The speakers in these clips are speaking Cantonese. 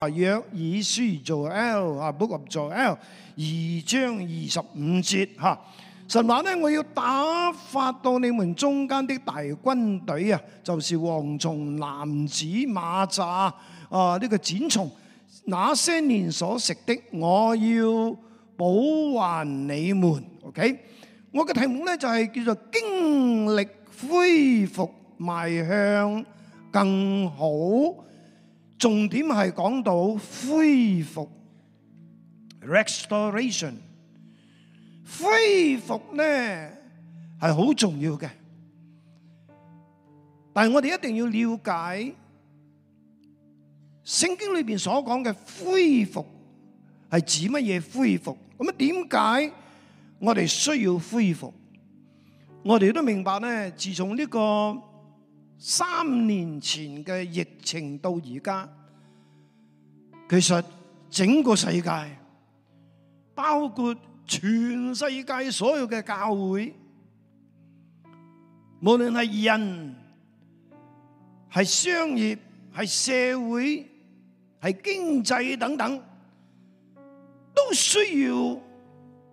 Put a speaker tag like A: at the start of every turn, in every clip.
A: 啊，約珥書做 L 啊，不過唔做 L，二章二十五節吓，神話咧，我要打發到你們中間的大軍隊啊，就是蝗蟲、蝻子、螞蚱啊，呢個剪蟲，那些年所食的，我要補還你們。OK，我嘅題目咧就係叫做經歷恢復邁向更好。重點係講到恢復 （restoration），恢復咧係好重要嘅。但係我哋一定要了解聖經裏邊所講嘅恢復係指乜嘢恢復。咁啊，點解我哋需要恢復？我哋都明白咧，自從呢個三年前嘅疫情到而家。其實整個世界，包括全世界所有嘅教會，無論是人、是商業、是社會、是經濟等等，都需要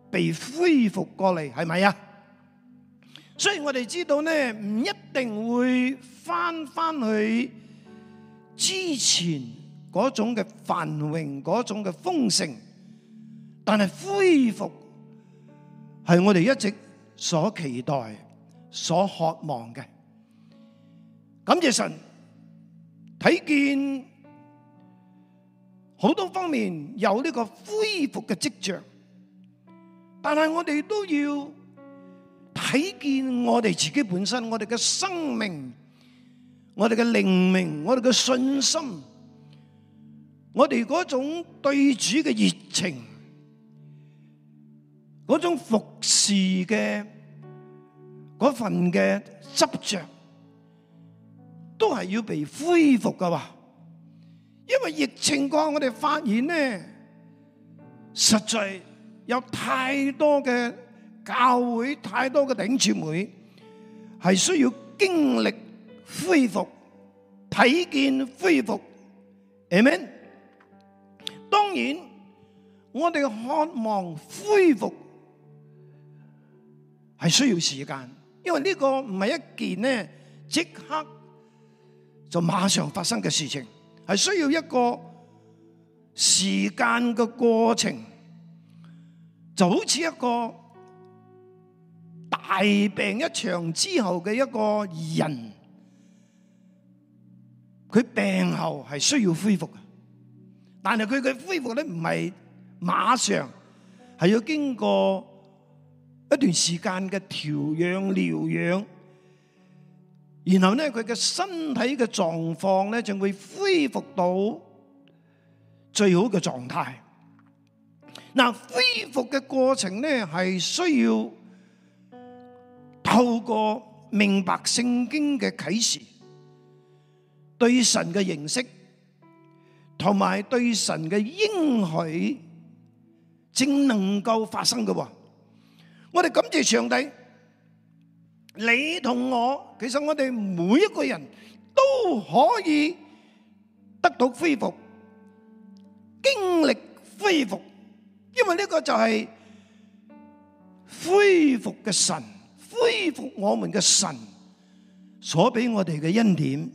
A: 被恢復過嚟，係咪啊？雖然我哋知道呢，唔一定會翻翻去之前。嗰種嘅繁榮，嗰種嘅豐盛，但係恢復係我哋一直所期待、所渴望嘅。感謝神，睇見好多方面有呢個恢復嘅跡象，但係我哋都要睇見我哋自己本身，我哋嘅生命，我哋嘅靈命，我哋嘅信心。我哋嗰種對主嘅熱情，嗰種服侍嘅嗰份嘅執着，都係要被恢復㗎喎！因為疫情過，我哋發現咧，實在有太多嘅教會、太多嘅頂住會，係需要經歷恢復、睇見恢復。Amen。當然，我哋渴望恢復係需要時間，因為呢個唔係一件呢，即刻就馬上發生嘅事情，係需要一個時間嘅過程，就好似一個大病一場之後嘅一個人，佢病後係需要恢復嘅。但係佢嘅恢復咧，唔係馬上，係要經過一段時間嘅調養療養，然後咧佢嘅身體嘅狀況咧，就會恢復到最好嘅狀態。嗱，恢復嘅過程咧，係需要透過明白聖經嘅啟示，對神嘅認識同埋對神嘅應許正能夠發生嘅，我哋感謝上帝。你同我，其實我哋每一個人都可以得到恢復、經歷恢復，因為呢個就係恢復嘅神，恢復我們嘅神所俾我哋嘅恩典，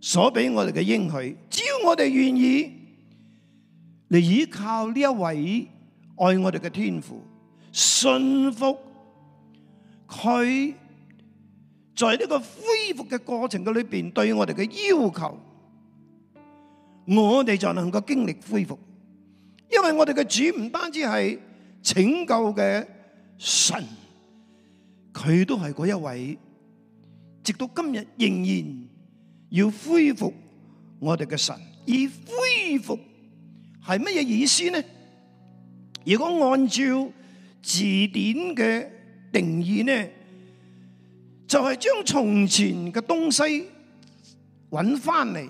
A: 所俾我哋嘅應許。我哋願意嚟依靠呢一位愛我哋嘅天父，信服佢在呢個恢復嘅過程嘅裏邊對我哋嘅要求，我哋就能夠經歷恢復。因為我哋嘅主唔單止係拯救嘅神，佢都係嗰一位，直到今日仍然要恢復我哋嘅神。而恢復係乜嘢意思呢？如果按照字典嘅定義呢，就係將從前嘅東西揾翻嚟，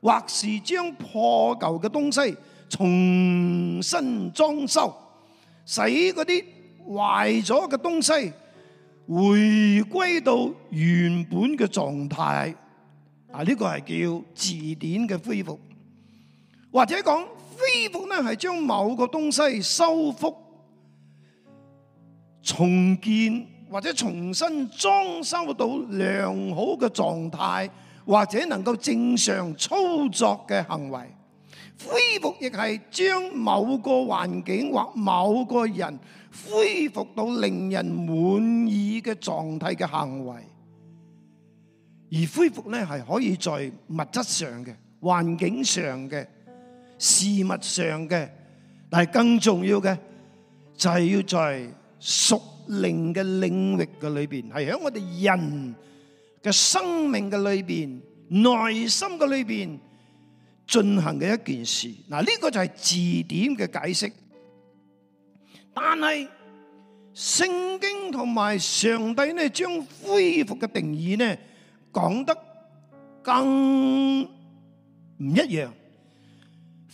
A: 或是將破舊嘅東西重新裝修，使嗰啲壞咗嘅東西回歸到原本嘅狀態。啊，呢個係叫字典嘅恢復。或者講恢復呢，係將某個東西修復、重建或者重新裝修到良好嘅狀態，或者能夠正常操作嘅行為。恢復亦係將某個環境或某個人恢復到令人滿意嘅狀態嘅行為。
B: 而
A: 恢復呢係可以在物質上嘅、環境上嘅、事物上嘅，但係更重要嘅就係要在屬靈嘅領域嘅裏邊，係喺我哋人嘅生命嘅裏邊、內心嘅裏邊進行嘅一件事。嗱，呢個就係字典嘅解釋，但係聖經同埋上帝咧，將恢復嘅定義咧講得更唔一樣。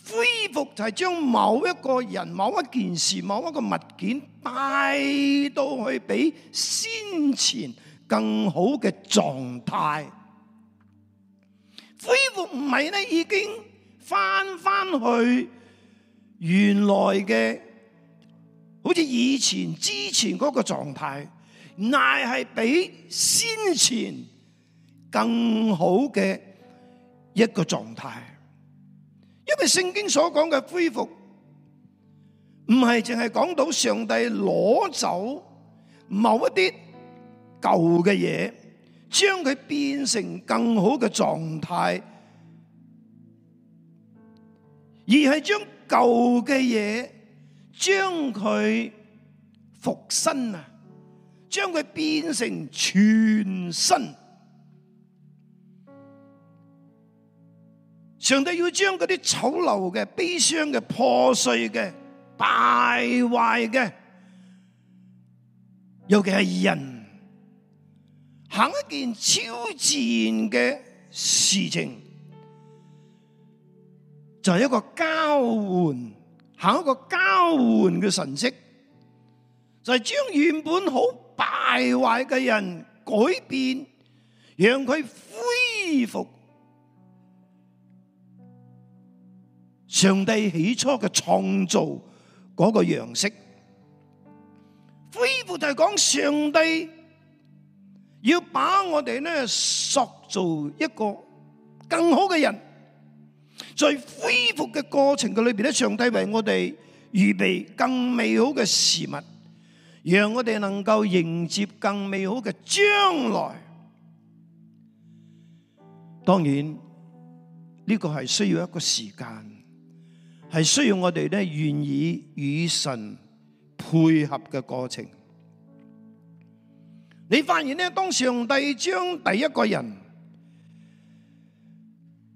A: 恢復就係將某一個人、某一件事、某一個物件帶到去比先前更好嘅狀態。恢復唔係咧，已經返返去原來嘅，好似以前之前嗰個狀態，乃係比先前更好嘅一個狀態。因為聖經所講嘅恢復，唔係淨係講到上帝攞走某一啲舊嘅嘢，將佢變成更好嘅狀態，而係將舊嘅嘢將佢復新啊，將佢變成全新。上帝要將嗰啲醜陋嘅、悲傷嘅、破碎嘅、敗壞嘅，尤其係人，行一件超自然嘅事情，就係一個交換，行一個交換嘅神蹟，就係將原本好敗壞嘅人改變，讓佢恢復。上帝起初嘅創造嗰個樣式，恢復就係講上帝要把我哋呢塑造一個更好嘅人，在恢復嘅過程嘅裏邊，呢上帝為我哋預備更美好嘅事物，讓我哋能夠迎接更美好嘅將來。當然呢個係需要一個時間。係需要我哋咧願意與神配合嘅過程。你發現咧，當上帝將第一個人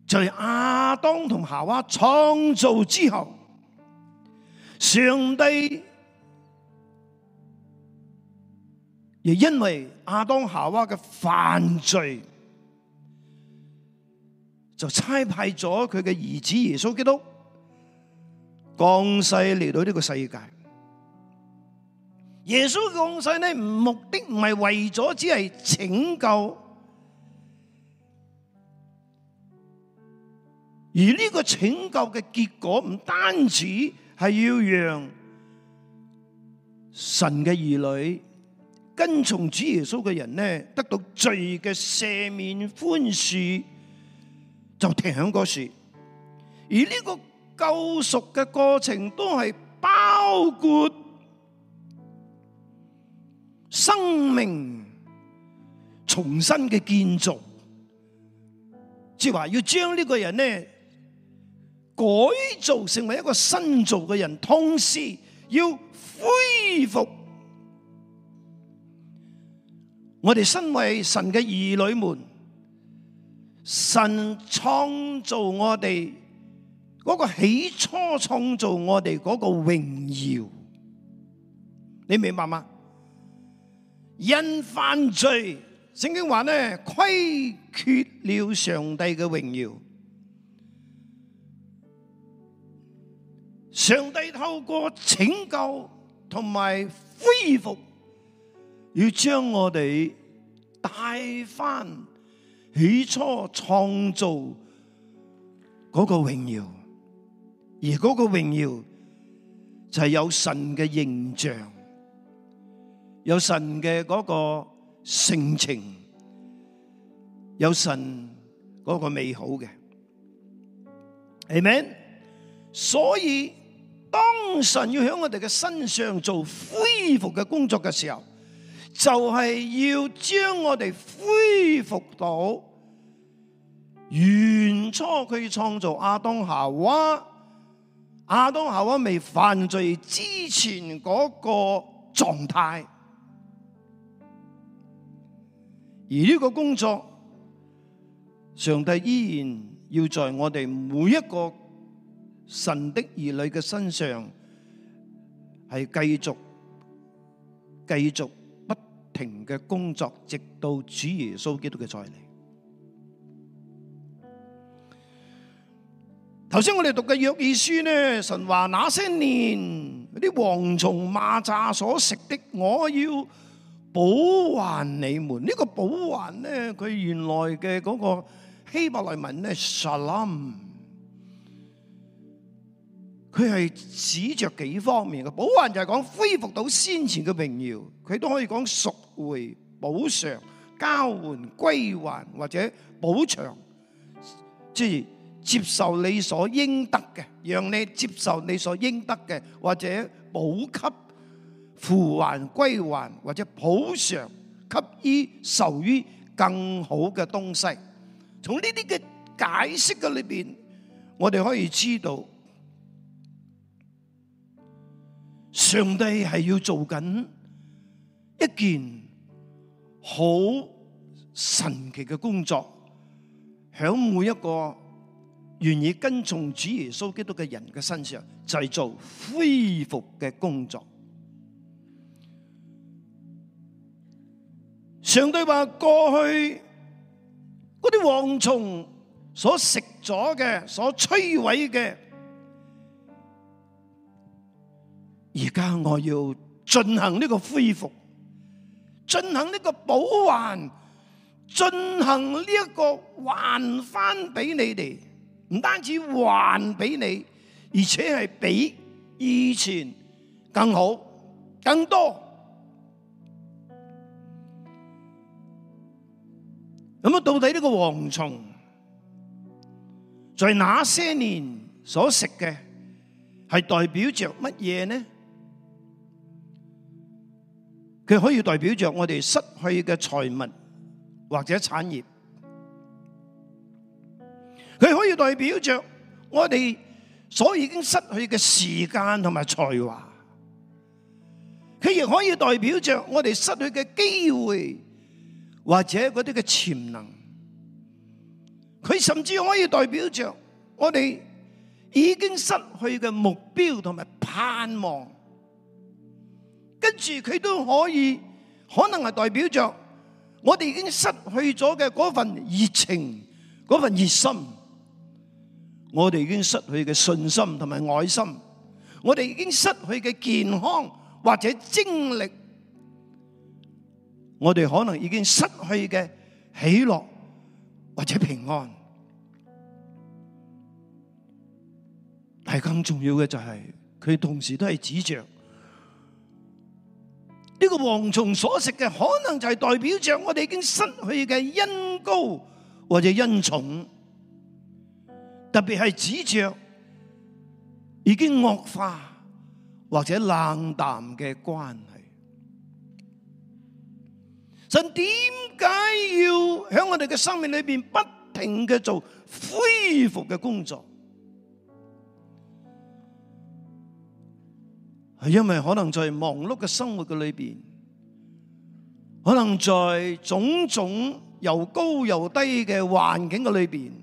A: 就係亞當同夏娃創造之後，上帝亦因為亞當和夏娃嘅犯罪，就差派咗佢嘅兒子耶穌基督。降世嚟到呢個世界，耶穌降世呢，目的唔係為咗只係拯救，而呢個拯救嘅結果唔單止係要讓神嘅兒女跟從主耶穌嘅人呢，得到罪嘅赦免寬恕，就停響個事，而呢個。救贖嘅過程都係包括生命重新嘅建造，即係話要將呢個人呢改造成為一個新造嘅人，同時要恢復。我哋身為神嘅兒女們，神創造我哋。嗰個起初創造我哋嗰個榮耀，你明白嗎？因犯罪，聖經話呢，虧缺了上帝嘅榮耀。上帝透過拯救同埋恢復，要將我哋帶翻起初創造嗰個榮耀。而嗰個榮耀就係有神嘅形象，有神嘅嗰個性情，有神嗰個美好嘅，係咪？所以當神要喺我哋嘅身上做恢復嘅工作嘅時候，就係要將我哋恢復到原初佢創造亞當夏娃。亞當夏娃未犯罪之前嗰個狀態，而呢個工作，上帝依然要在我哋每一個神的兒女嘅身上，係繼續繼續不停嘅工作，直到主耶穌基督嘅再嚟。頭先我哋讀嘅約珥書呢，神話，那些年啲蝗蟲螞蚱所食的，我要保還你們。呢、這個保還呢，佢原來嘅嗰個希伯來文呢，salim，佢係指著幾方面嘅保還，就係講恢復到先前嘅榮耀，佢都可以講贖回、補償、交換、歸還或者補償，即係。接受你所應得嘅，讓你接受你所應得嘅，或者補給、付還、歸還或者補償，給予受於更好嘅東西。從呢啲嘅解釋嘅裏邊，我哋可以知道，上帝係要做緊一件好神奇嘅工作，響每一個願意跟從主耶穌基督嘅人嘅身上，就係做恢復嘅工作。上帝話：過去嗰啲蝗蟲所食咗嘅、所摧毀嘅，而家我要進行呢個恢復，進行呢個補還，進行呢一個還返俾你哋。唔單止還俾你，而且係比以前更好、更多。咁啊，到底呢個蝗蟲在那些年所食嘅係代表着乜嘢呢？佢可以代表着我哋失去嘅財物或者產業。佢可以代表着我哋所已經失去嘅時間同埋才華，佢亦可以代表着我哋失去嘅機會或者嗰啲嘅潛能，佢甚至可以代表着我哋已經失去嘅目標同埋盼望，跟住佢都可以可能係代表着我哋已經失去咗嘅嗰份熱情，嗰份熱心。我哋已經失去嘅信心同埋愛心，我哋已經失去嘅健康或者精力，我哋可能已經失去嘅喜樂或者平安。但係更重要嘅就係，佢同時都係指著呢個蝗蟲所食嘅，可能就係代表著我哋已經失去嘅恩膏或者恩寵。特別係指著已經惡化或者冷淡嘅關係，神點解要喺我哋嘅生命裏邊不停嘅做恢復嘅工作？係因為可能在忙碌嘅生活嘅裏邊，可能在種種又高又低嘅環境嘅裏邊。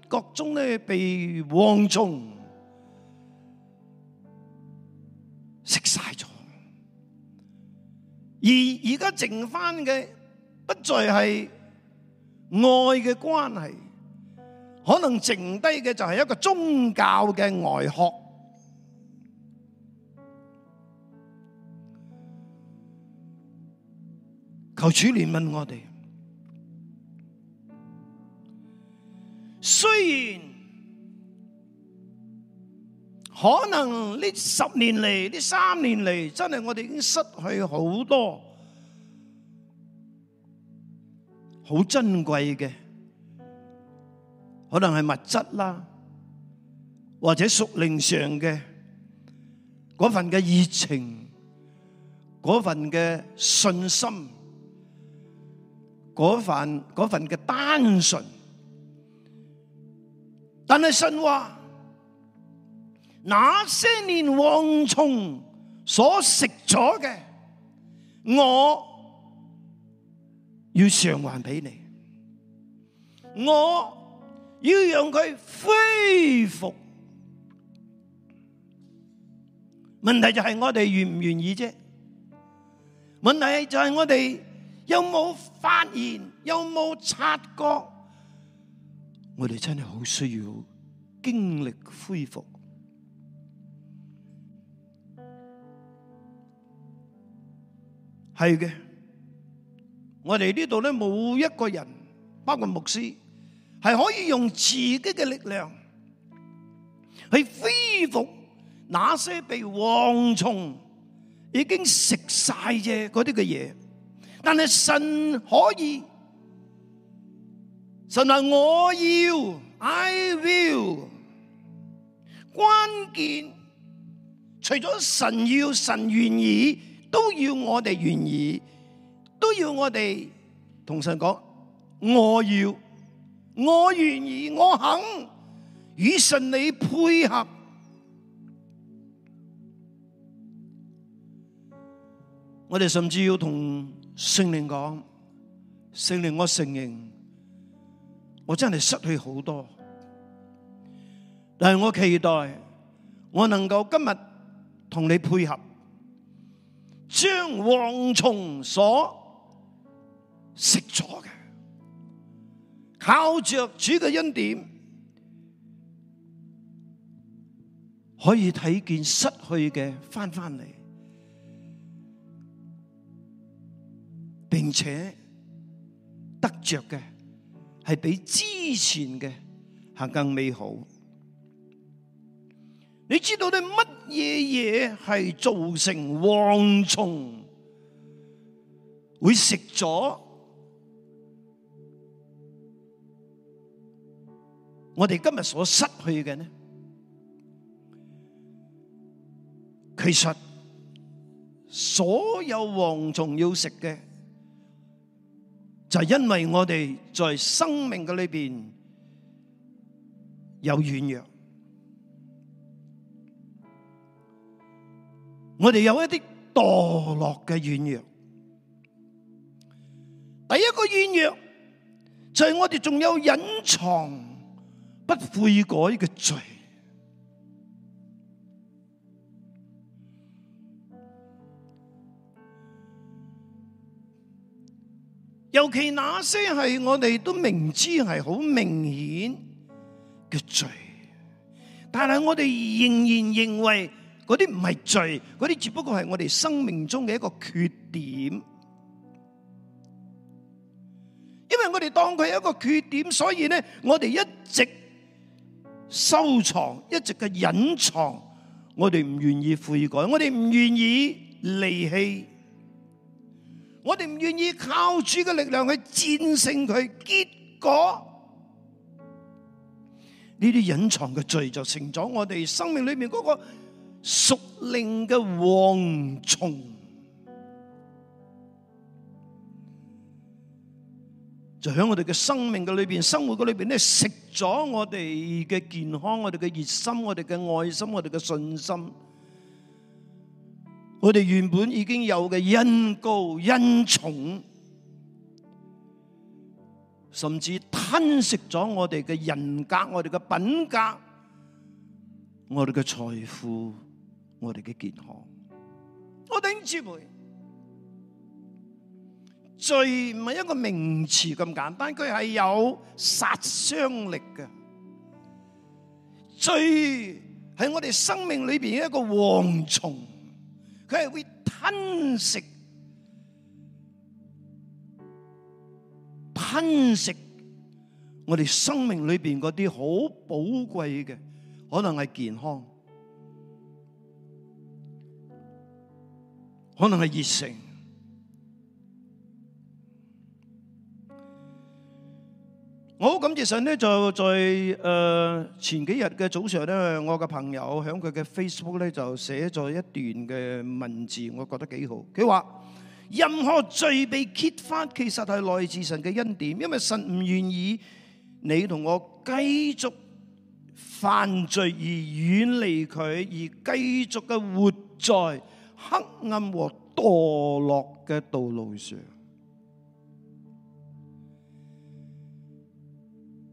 A: 國中咧被蝗蟲食晒咗，而而家剩翻嘅不再係愛嘅關係，可能剩低嘅就係一個宗教嘅外殼。求主憐憫我哋。雖然可能呢十年嚟，呢三年嚟，真係我哋已經失去好多好珍貴嘅，可能係物質啦，或者屬靈上嘅嗰份嘅熱情，嗰份嘅信心，嗰份嗰份嘅單純。但係神話，那些年蝗蟲所食咗嘅，我要償還俾你，我要讓佢恢復。問題就係我哋願唔願意啫？問題就係我哋有冇發現，有冇察覺？我哋真係好需要經歷恢復，係嘅。我哋呢度咧冇一個人，包括牧師，係可以用自己嘅力量去恢復那些被蝗蟲已經食晒嘅嗰啲嘅嘢，但係神可以。神話我要，I will。關鍵除咗神要，神願意，都要我哋願意，都要我哋同神講，我要，我願意，我肯，與神你配合。我哋甚至要同聖靈講，聖靈我承認。我真係失去好多，但係我期待我能夠今日同你配合，將蝗蟲所食咗嘅，靠着主嘅恩典，可以睇見失去嘅翻翻嚟，並且得着嘅。係比之前嘅行更美好。你知道啲乜嘢嘢係造成蝗蟲會食咗我哋今日所失去嘅呢？其實所有蝗蟲要食嘅。就係因為我哋在生命嘅裏面有軟弱，我哋有一啲墮落嘅軟弱。第一個軟弱，就係我哋仲有隱藏，不悔改嘅罪。尤其那些係我哋都明知係好明顯嘅罪，但係我哋仍然認為嗰啲唔係罪，嗰啲只不過係我哋生命中嘅一個缺點。因為我哋當佢係一個缺點，所以咧我哋一直收藏，一直嘅隱藏，我哋唔願意悔改，我哋唔願意離棄。我哋唔願意靠主嘅力量去戰勝佢，結果呢啲隱藏嘅罪就成咗我哋生命裏面嗰個屬靈嘅蝗蟲，就喺我哋嘅生命嘅裏邊、生活嘅裏邊咧，食咗我哋嘅健康、我哋嘅熱心、我哋嘅愛心、我哋嘅信心。我哋原本已經有嘅恩高恩重，甚至吞噬咗我哋嘅人格、我哋嘅品格、我哋嘅財富、我哋嘅健康。我頂住佢，罪唔係一個名詞咁簡單，佢係有殺傷力嘅。罪係我哋生命裏邊一個蝗蟲。佢係會吞食、吞食我哋生命裏面嗰啲好寶貴嘅，可能係健康，可能係熱誠。我好感謝神咧，就喺誒前幾日嘅早上咧，我嘅朋友響佢嘅 Facebook 咧就寫咗一段嘅文字，我覺得幾好。佢話：任何罪被揭發，其實係來自神嘅恩典，因為神唔願意你同我繼續犯罪而遠離佢，而繼續嘅活在黑暗和墮落嘅道路上。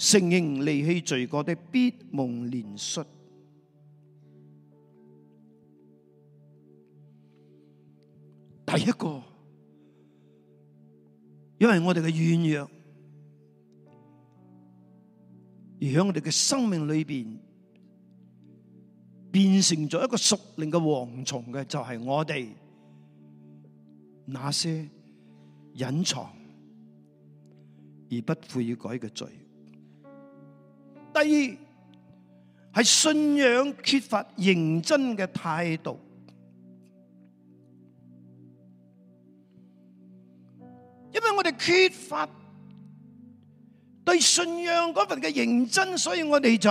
A: 承認離棄罪過，的必蒙憐恤。第一個，因為我哋嘅軟弱，而喺我哋嘅生命裏邊變成咗一個屬靈嘅蝗蟲嘅，就係我哋那些隱藏而不悔改嘅罪。第二係信仰缺乏認真嘅態度，因為我哋缺乏對信仰嗰份嘅認真，所以我哋就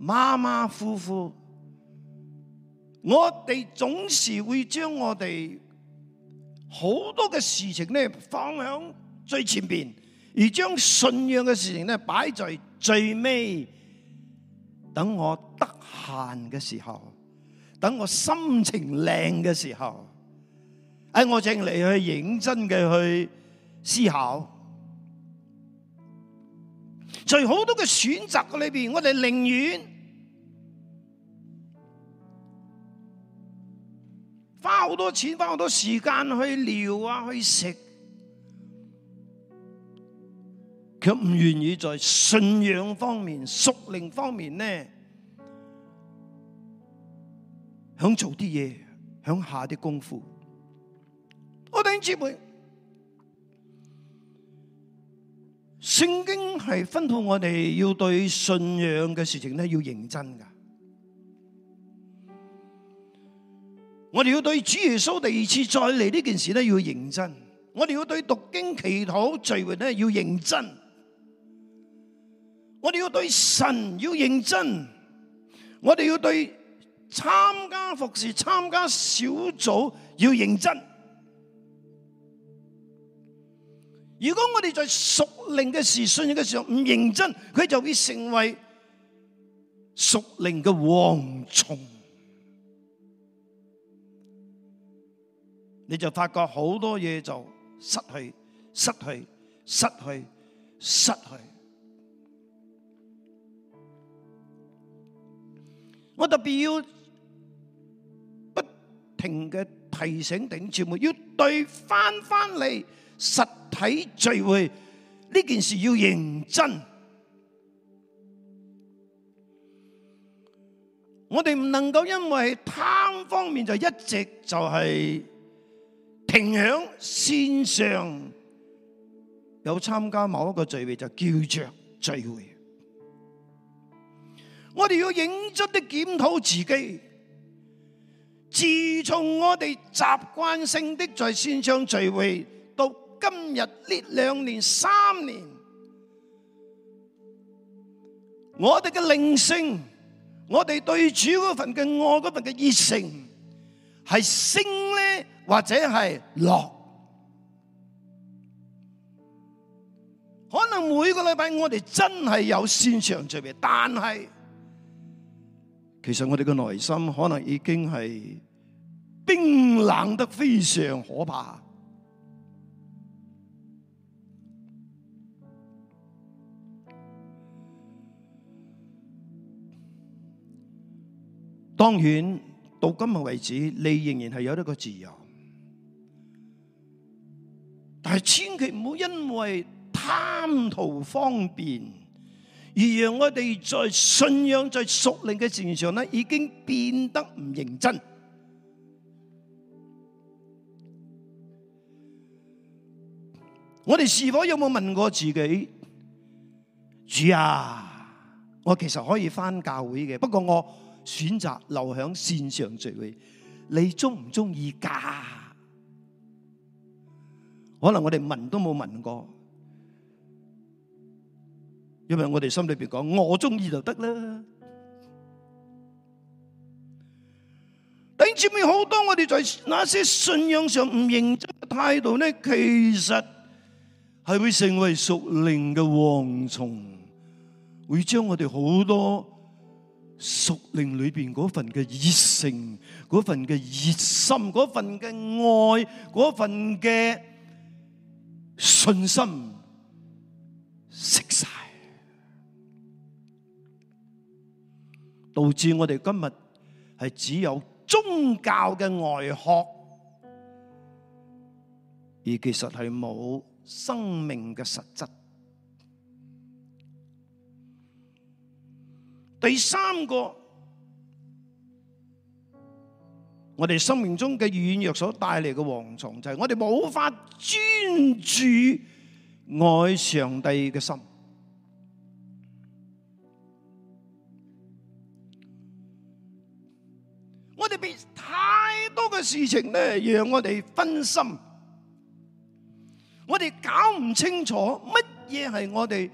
A: 馬馬虎虎。我哋總是會將我哋好多嘅事情咧放喺最前面，而將信仰嘅事情咧擺在。最尾，等我得閒嘅時候，等我心情靚嘅時候，喺我正嚟去認真嘅去思考。在好多嘅選擇裏邊，我哋寧願花好多錢、花好多時間去聊啊，去食。佢唔願意在信仰方面、屬靈方面呢，想做啲嘢，想下啲功夫。我哋姊妹，聖經係吩咐我哋要對信仰嘅事情呢，要認真噶。我哋要對主耶穌第二次再嚟，呢件事呢，要認真。我哋要對讀經、祈禱、聚會呢，要認真。我哋要對神要認真，我哋要對參加服侍、參加小組要認真。如果我哋在屬靈嘅時信仰嘅時候唔認真，佢就會成為屬靈嘅蝗蟲。你就發覺好多嘢就失去、失去、失去、失去。我特別要不停嘅提醒頂住們要對翻翻嚟實體聚會呢件事要認真。我哋唔能夠因為貪方便就一直就係停響線上，有參加某一個聚會就叫著聚會。我哋要認真地檢討自己。自從我哋習慣性的在線上聚會到今日呢兩年三年，我哋嘅靈性，我哋對主嗰份嘅愛嗰份嘅熱誠，係升呢或者係落。可能每個禮拜我哋真係有線上聚會，但係。其實我哋嘅內心可能已經係冰冷得非常可怕。當然到今日為止，你仍然係有一個自由，但係千祈唔好因為貪圖方便。而讓我哋在信仰、在屬靈嘅層面上咧，已經變得唔認真。我哋是否有冇問過自己：主啊，我其實可以返教會嘅，不過我選擇留喺線上聚會，你鍾唔鍾意噶？可能我哋問都冇問過。因為我哋心裏邊講，我中意就得啦。等前面好多我哋在那些信仰上唔認真嘅態度咧，其實係會成為屬靈嘅蝗蟲，會將我哋好多屬靈裏邊嗰份嘅熱誠、嗰份嘅熱心、嗰份嘅愛、嗰份嘅信心。導致我哋今日係只有宗教嘅外殼，而其實係冇生命嘅實質。第三個，我哋生命中嘅軟弱所帶嚟嘅蝗蟲就係我哋冇法專注愛上帝嘅心。多嘅事情咧，讓我哋分心，我哋搞唔清楚乜嘢係我哋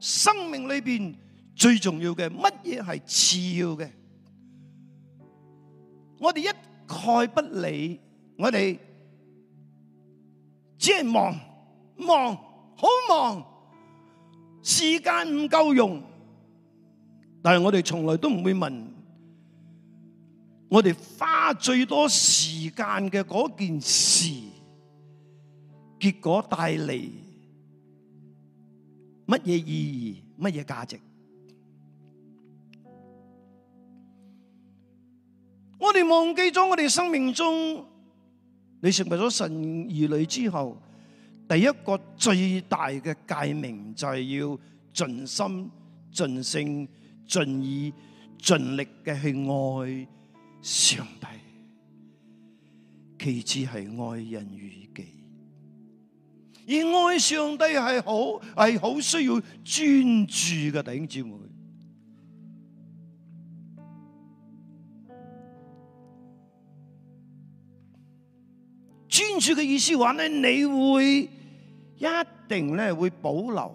A: 生命裏邊最重要嘅，乜嘢係次要嘅，我哋一概不理，我哋只係忙忙，好忙，時間唔夠用，但係我哋從來都唔會問。我哋花最多時間嘅嗰件事，結果帶嚟乜嘢意義？乜嘢價值？我哋忘記咗，我哋生命中你成為咗神兒女之後，第一個最大嘅誡命就係要盡心、盡性、盡意、盡力嘅去愛。上帝，其次係愛人如己，而愛上帝係好係好需要專注嘅頂住，我專注嘅意思話咧，你會一定咧會保留呢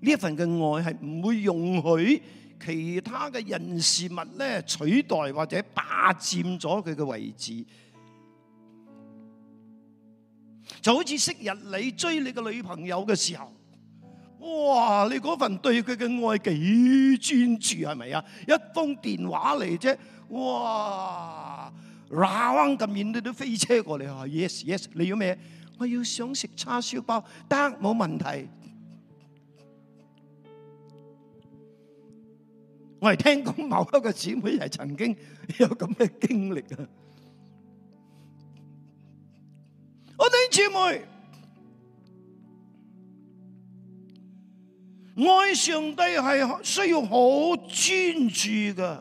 A: 一份嘅愛，係唔會容許，其他嘅人事物咧取代或者霸佔咗佢嘅位置，就好似昔日你追你嘅女朋友嘅時候哇是是，哇！你嗰份對佢嘅愛幾專注係咪啊？一封電話嚟啫，哇！嗱彎咁遠都都飛車過嚟啊！Yes yes，你要咩？我要想食叉燒包，得冇問題。我係聽講某一個姊妹係曾經有咁嘅經歷啊！我哋姊妹愛上帝係需要好專注㗎，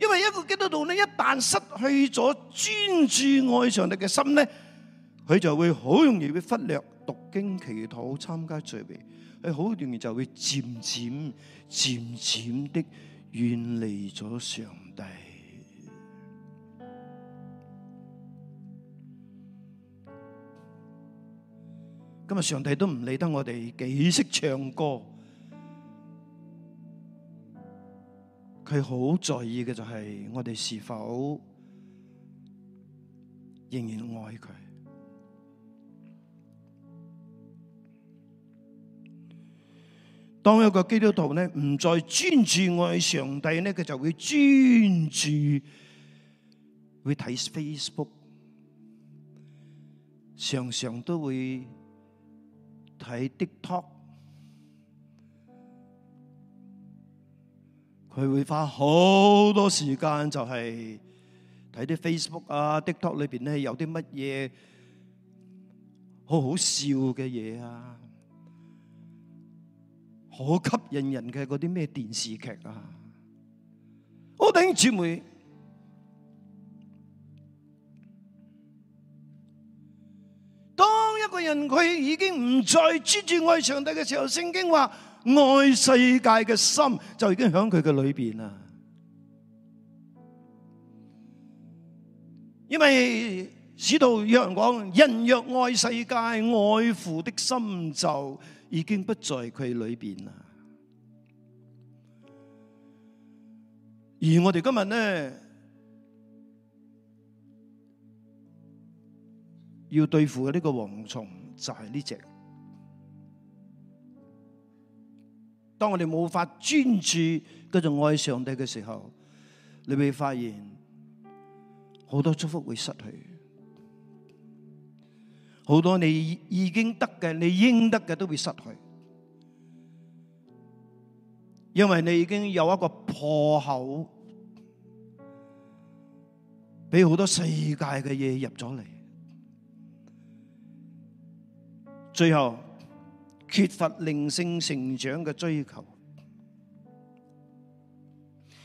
A: 因為一個基督徒呢，一旦失去咗專注愛上帝嘅心呢，佢就會好容易會忽略讀經、祈禱、參加聚會。佢好容易就會漸漸漸漸的遠離咗上帝。今日上帝都唔理得我哋幾識唱歌，佢好在意嘅就係我哋是否仍然愛佢。當一個基督徒咧唔再專注愛上帝咧，佢就會專注會睇 Facebook，常常都會睇 TikTok，佢會花好多時間就係睇啲 Facebook 啊 TikTok 裏邊咧有啲乜嘢好好笑嘅嘢啊！好吸引人嘅嗰啲咩電視劇啊？我哋弟兄姊妹，當一個人佢已經唔再專注愛上帝嘅時候，聖經話愛世界嘅心就已經喺佢嘅裏邊啦。因為。使徒約翰講：人若愛世界，愛父的心就已經不在佢裏邊啦。而我哋今日呢，要對付嘅呢個蝗蟲，就係呢隻。當我哋冇法專注嗰種愛上帝嘅時候，你會發現好多祝福會失去。好多你已經得嘅，你應得嘅都會失去，因為你已經有一個破口，俾好多世界嘅嘢入咗嚟，最後，缺乏靈性成長嘅追求。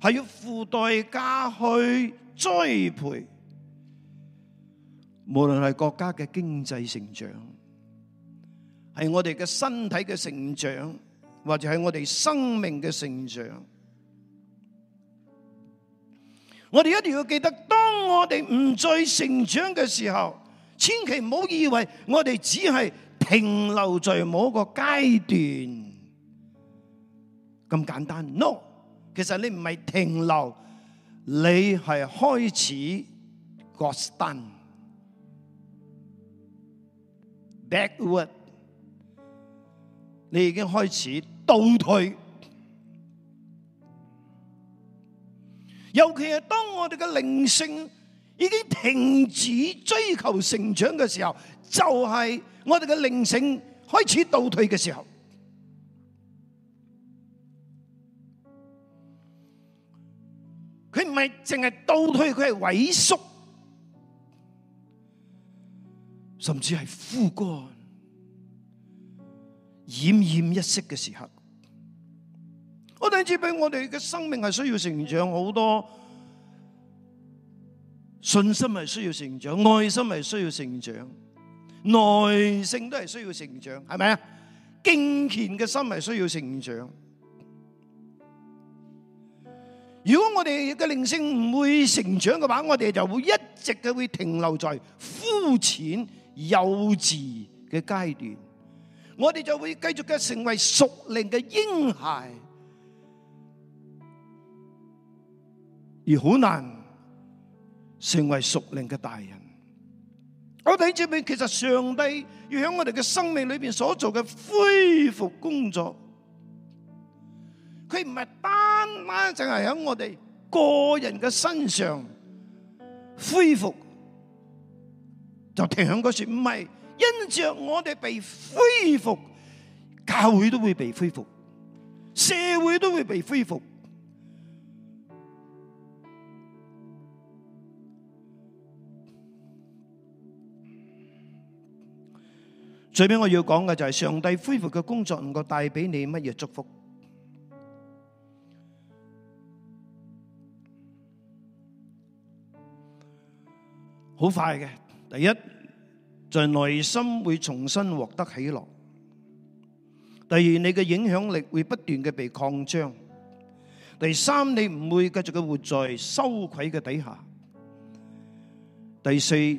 A: 係要付代價去栽培，無論係國家嘅經濟成長，係我哋嘅身體嘅成長，或者係我哋生命嘅成長，我哋一定要記得，當我哋唔再成長嘅時候，千祈唔好以為我哋只係停留在某個階段咁簡單。No。其實你唔係停留，你係開始擱頓，backward。你已經開始倒退，尤其係當我哋嘅靈性已經停止追求成長嘅時候，就係我哋嘅靈性開始倒退嘅時候。佢唔係淨係倒退，佢係萎縮，甚至係枯乾、奄奄一息嘅時刻。我哋知唔知我哋嘅生命係需要成長好多？信心係需要成長，愛心係需要成長，耐性都係需要成長，係咪啊？敬虔嘅心係需要成長。如果我哋嘅靈性唔會成長嘅話，我哋就會一直嘅會停留在膚淺幼稚嘅階段，我哋就會繼續嘅成為屬靈嘅嬰孩，而好難成為屬靈嘅大人。我哋呢邊其實上帝要喺我哋嘅生命裏邊所做嘅恢復工作。佢唔係單單淨係喺我哋個人嘅身上恢復就停響嗰時，唔係因着我哋被恢復，教會都會被恢復，社會都會被恢復。最尾我要講嘅就係上帝恢復嘅工作，能夠帶俾你乜嘢祝福？好快嘅，第一，就係內心會重新獲得喜樂；第二，你嘅影響力會不斷嘅被擴張；第三，你唔會繼續嘅活在羞愧嘅底下；第四，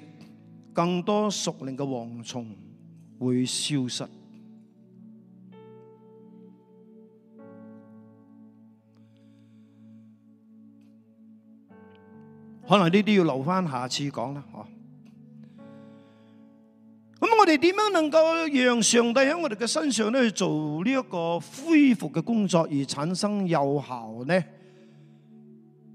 A: 更多屬靈嘅蝗蟲會消失。可能呢啲要留翻下次講啦，嗬。咁我哋點樣能夠讓上帝喺我哋嘅身上咧去做呢一個恢復嘅工作而產生有效呢？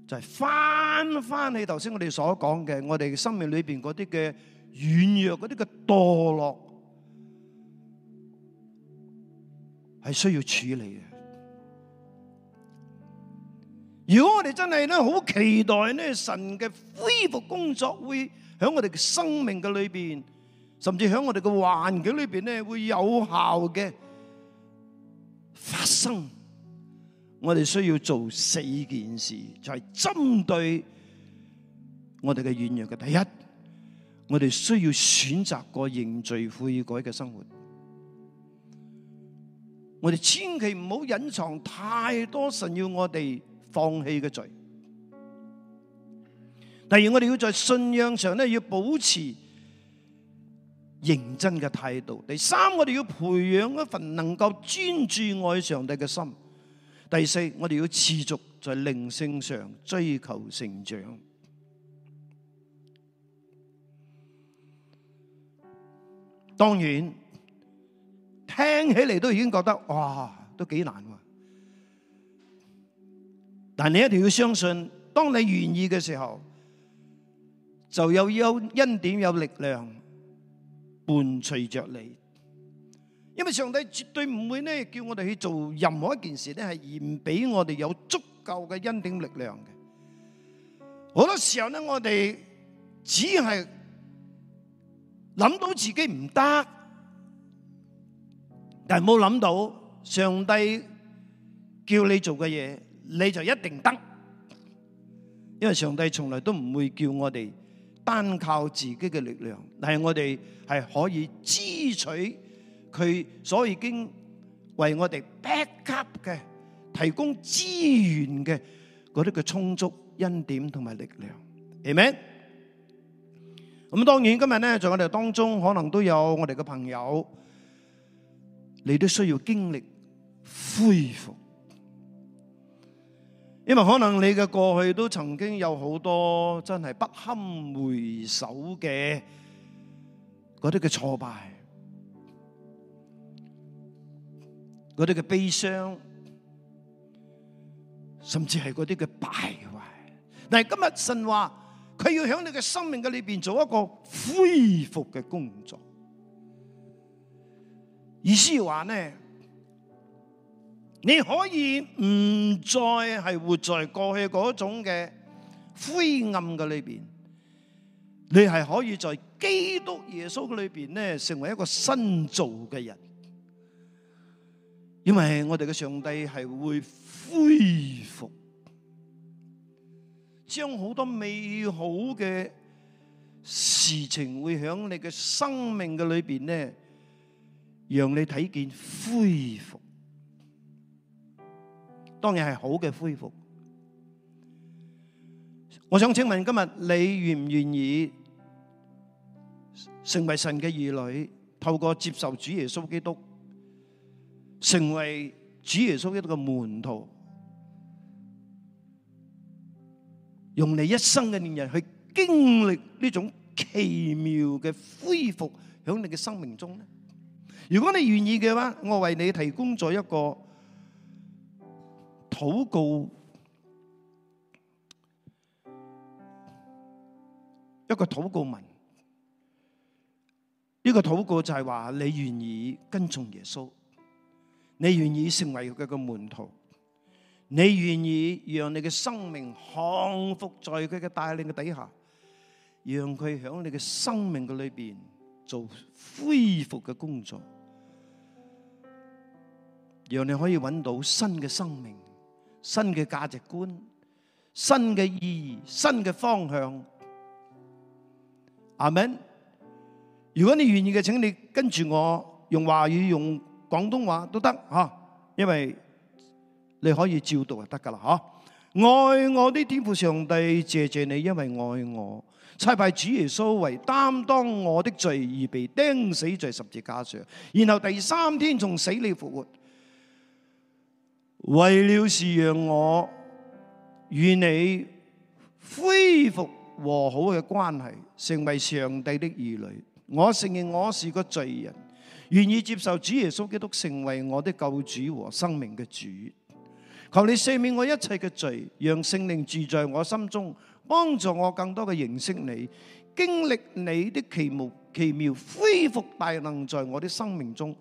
A: 就係翻翻起頭先我哋所講嘅，我哋生命裏邊嗰啲嘅軟弱，嗰啲嘅墮落，係需要處理嘅。如果我哋真係咧好期待呢，神嘅恢復工作會喺我哋嘅生命嘅裏邊，甚至喺我哋嘅環境裏邊咧，會有效嘅發生。我哋需要做四件事，就係針對我哋嘅軟弱嘅。第一，我哋需要選擇過認罪悔改嘅生活。我哋千祈唔好隱藏太多，神要我哋。放棄嘅罪。第二，我哋要在信仰上咧要保持認真嘅態度。第三，我哋要培養一份能夠專注愛上帝嘅心。第四，我哋要持續在靈性上追求成長。當然，聽起嚟都已經覺得哇，都幾難。但你一定要相信，當你願意嘅時候，就有有恩典有力量伴隨着你。因為上帝絕對唔會呢叫我哋去做任何一件事呢，係唔俾我哋有足夠嘅恩典力量嘅。好多時候呢，我哋只係諗到自己唔得，但冇諗到上帝叫你做嘅嘢。你就一定得，因為上帝從來都唔會叫我哋單靠自己嘅力量，但係我哋係可以支取佢所已經為我哋 back up 嘅提供資源嘅嗰啲嘅充足恩典同埋力量，係咪？咁當然今日呢，在我哋當中可能都有我哋嘅朋友，你都需要經歷恢復。因為可能你嘅過去都曾經有好多真係不堪回首嘅嗰啲嘅挫敗，嗰啲嘅悲傷，甚至係嗰啲嘅敗壞。但係今日神話佢要喺你嘅生命嘅裏面做一個恢復嘅工作，意思話呢？你可以唔再係活在過去嗰種嘅灰暗嘅裏邊，你係可以在基督耶穌嘅裏邊呢，成為一個新造嘅人。因為我哋嘅上帝係會恢復，將好多美好嘅事情會響你嘅生命嘅裏邊呢，讓你睇見恢復。當然係好嘅恢復。我想請問今日你願唔願意成為神嘅兒女，透過接受主耶穌基督，成為主耶穌基督嘅門徒，用你一生嘅年日去經歷呢種奇妙嘅恢復喺你嘅生命中呢？如果你願意嘅話，我為你提供咗一個。禱告一個禱告文，呢個禱告就係話你願意跟從耶穌，你願意成為佢嘅門徒，你願意讓你嘅生命康復在佢嘅帶領嘅底下，讓佢響你嘅生命嘅裏邊做恢復嘅工作，讓你可以揾到新嘅生命。新嘅價值觀，新嘅意義，新嘅方向，阿們，如果你願意嘅，請你跟住我用華語、用廣東話都得吓，因為你可以照讀就得㗎喇吓。愛我嘅天父上帝，謝謝你，因為愛我，差派主耶穌為擔當我的罪而被釘死在十字架上，然後第三天從死裏復活。為了是讓我與你恢復和好嘅關係，成為上帝的兒女，我承認我是個罪人，願意接受主耶穌基督成為我的救主和生命嘅主。求你赦免我一切嘅罪，讓聖靈住在我心中，幫助我更多嘅認識你，經歷你的奇妙奇妙，恢復大能在我的生命中。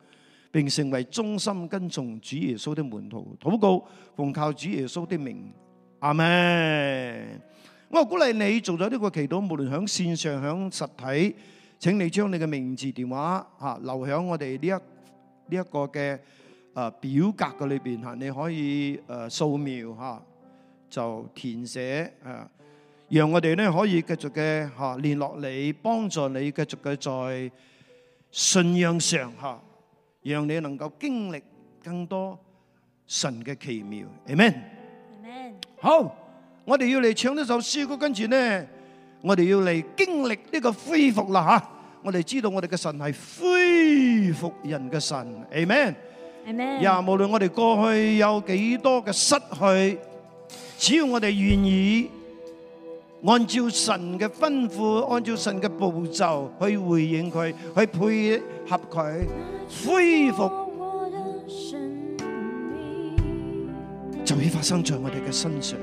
A: 並成為忠心跟從主耶穌的門徒，禱告奉靠主耶穌的名，阿門。我鼓勵你做咗呢個祈禱，無論響線上、響實體，請你將你嘅名字、電話吓留響我哋呢一呢一個嘅誒表格嘅裏邊吓，你可以誒掃描吓就填寫誒，讓我哋咧可以繼續嘅吓聯絡你，幫助你繼續嘅在信仰上吓。讓你能夠經歷更多神嘅奇妙，amen。amen。好，我哋要嚟唱呢首詩歌，跟住咧，我哋要嚟經歷呢個恢復啦吓。我哋知道我哋嘅神係恢復人嘅神，amen。
B: amen。呀，無
A: 論我哋過去有幾多嘅失去，只要我哋願意。按照神嘅吩咐，按照神嘅步驟去回應佢，去配合佢，恢復就會發生在我哋嘅身上。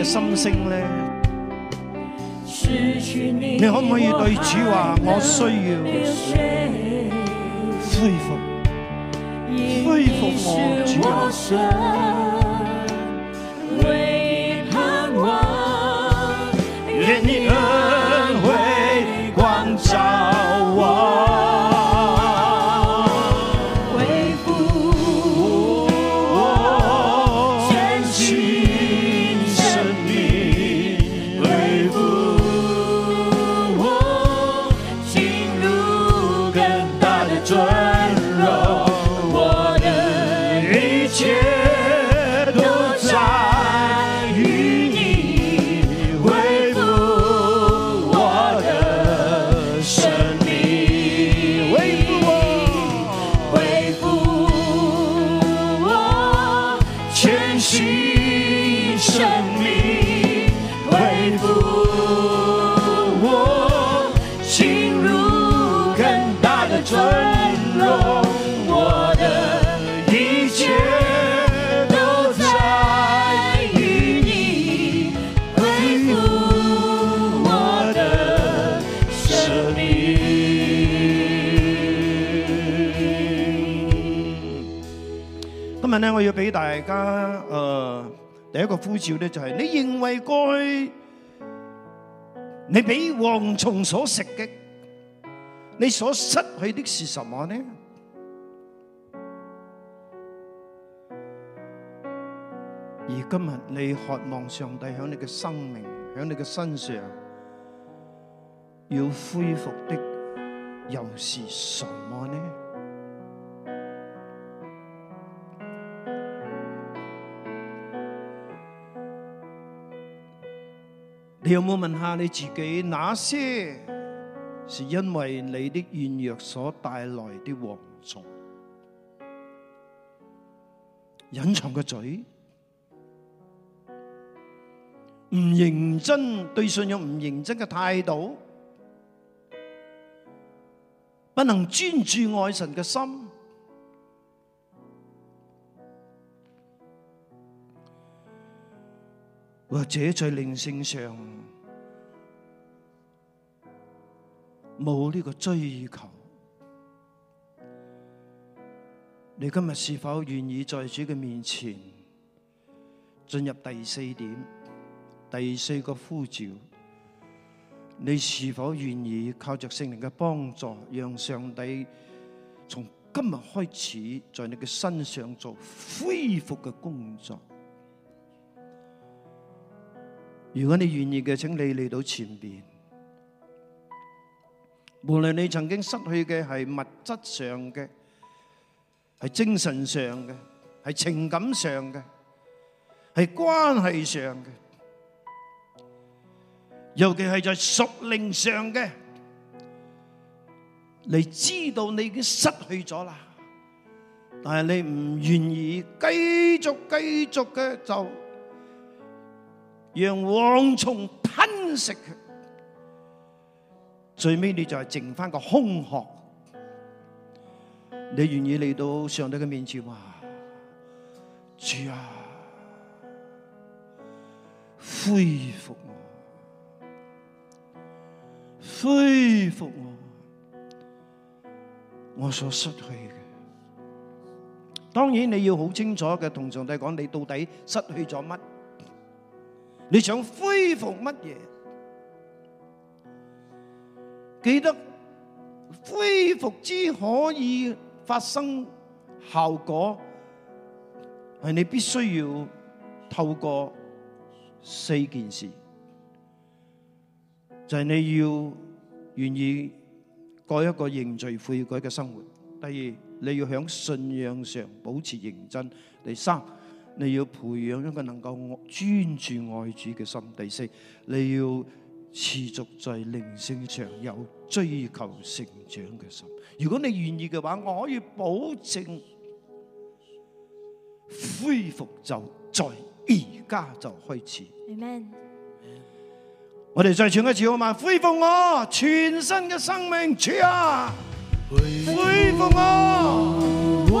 A: 你心聲咧，
B: 你可唔可以對主話？我需要恢，恢復？恢復我主啊！
A: 大家，誒，第一個呼召咧，就係你認為過去你俾蝗蟲所食嘅，你所失去的是什麼呢？而今日你渴望上帝喺你嘅生命，喺你嘅身上要恢復的，又是什麼呢？你有冇問下你自己，哪些是因為你的軟弱所帶來的妄縱、隱藏嘅嘴、唔認真對信仰唔認真嘅態度，不能專注愛神嘅心。或者在靈性上冇呢個追求，你今日是否願意在主嘅面前進入第四點、第四個呼召？你是否願意靠着聖靈嘅幫助，讓上帝從今日開始在你嘅身上做恢復嘅工作？如果你願意嘅，請你嚟到前邊。無論你曾經失去嘅係物質上嘅，係精神上嘅，係情感上嘅，係關係上嘅，尤其係在屬靈上嘅，你知道你已經失去咗啦，但係你唔願意繼續繼續嘅就。讓蝗蟲吞食佢，最尾你就係剩翻個空殼。你願意嚟到上帝嘅面前話，主啊，恢復我，恢復我我所失去嘅。當然你要好清楚嘅，同上帝講你到底失去咗乜。你想恢復乜嘢？記得恢復之可以發生效果，係你必須要透過四件事，就係你要願意過一個認罪悔改嘅生活。第二，你要喺信仰上保持認真。第三，你要培養一個能夠專注愛主嘅心。第四，你要持續在靈性上有追求成長嘅心。如果你願意嘅話，我可以保證恢復就在而家就開始。
B: Amen.
A: 我哋再唱一次好嘛？恢復我全新嘅生命，主啊，恢復我，
B: 恢復我，我.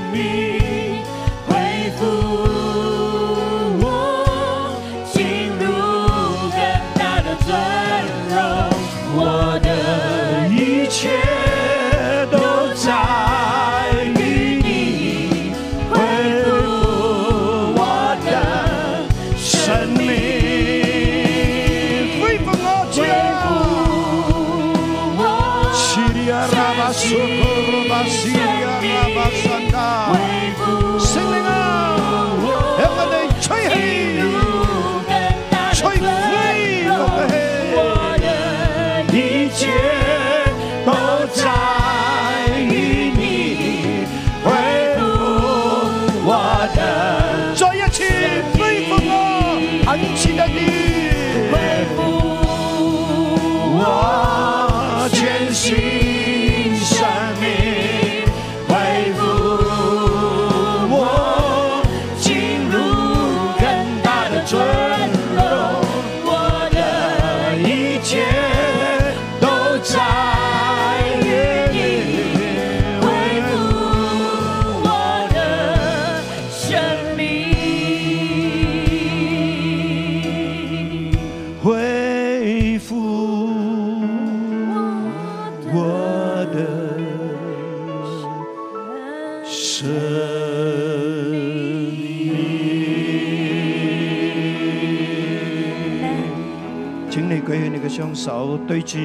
A: 手對住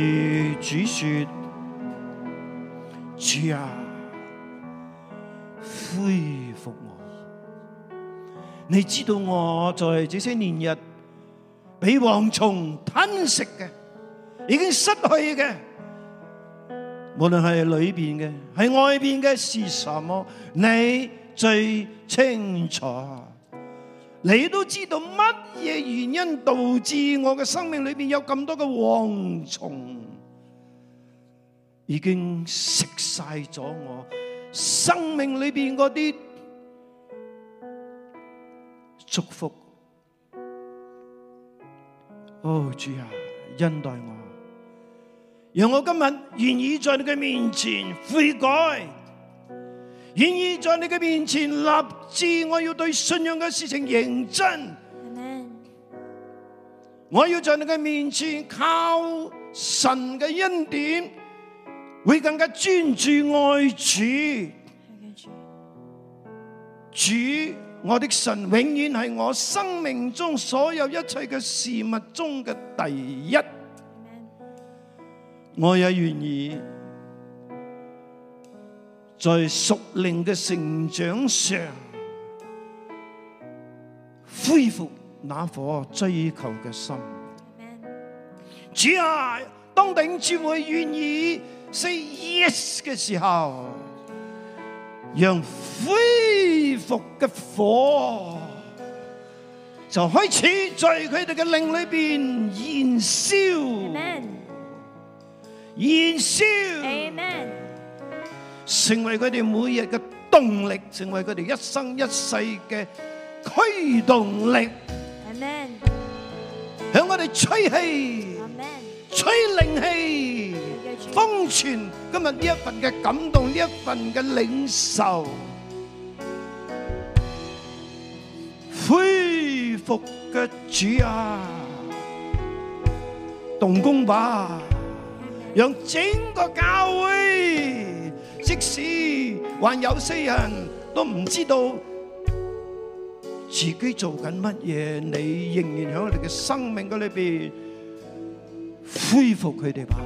A: 主說：主啊，恢復我！你知道我在這些年日被蝗蟲吞食嘅，已經失去嘅，無論係裏邊嘅，係外邊嘅，是什麼，你最清楚。你都知道乜嘢原因導致我嘅生命裏邊有咁多嘅蝗蟲，已經食晒咗我生命裏邊嗰啲祝福。哦，主啊，恩待我，讓我今日願意在你嘅面前悔改。願意在你嘅面前立志，我要對信仰嘅事情認真。我要在你嘅面前靠神嘅恩典，會更加專注愛主。主，我的神，永遠係我生命中所有一切嘅事物中嘅第一。我也願意。在屬靈嘅成長上，恢復那顆追求嘅心。主啊，當弟兄姊妹願意 say yes 嘅時候，讓恢復嘅火就開始在佢哋嘅靈裏邊燃燒，燃燒。成為佢哋每日嘅動力，成為佢哋一生一世嘅驅動力。
B: 阿門。
A: 向我哋吹氣，吹靈氣，封存今日呢一份嘅感動，呢一份嘅領受，恢復嘅主啊，動工吧，讓整個教會。即使還有些人都唔知道自己做緊乜嘢，你仍然喺我哋嘅生命裏邊恢復佢哋吧。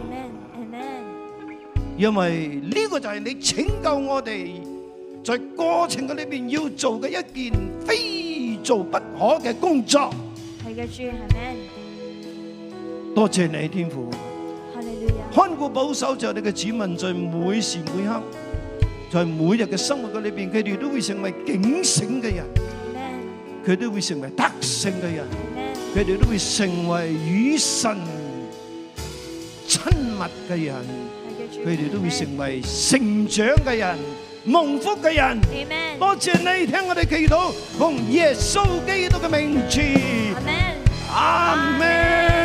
A: 因為呢個就係你拯救我哋，在過程裏邊要做嘅一件非做不可嘅工作。係
B: 嘅，主，Amen。
A: 多謝你，天父。看顧保守着你嘅子民，在每時每刻，在每日嘅生活嘅裏邊，佢哋都會成為警醒嘅人，佢都會成為得勝嘅人，佢哋都會成為與神親密嘅人，佢哋都會成為成長嘅人、蒙福嘅人。多謝你聽我哋祈禱，奉耶穌基督嘅名字，
B: 阿門。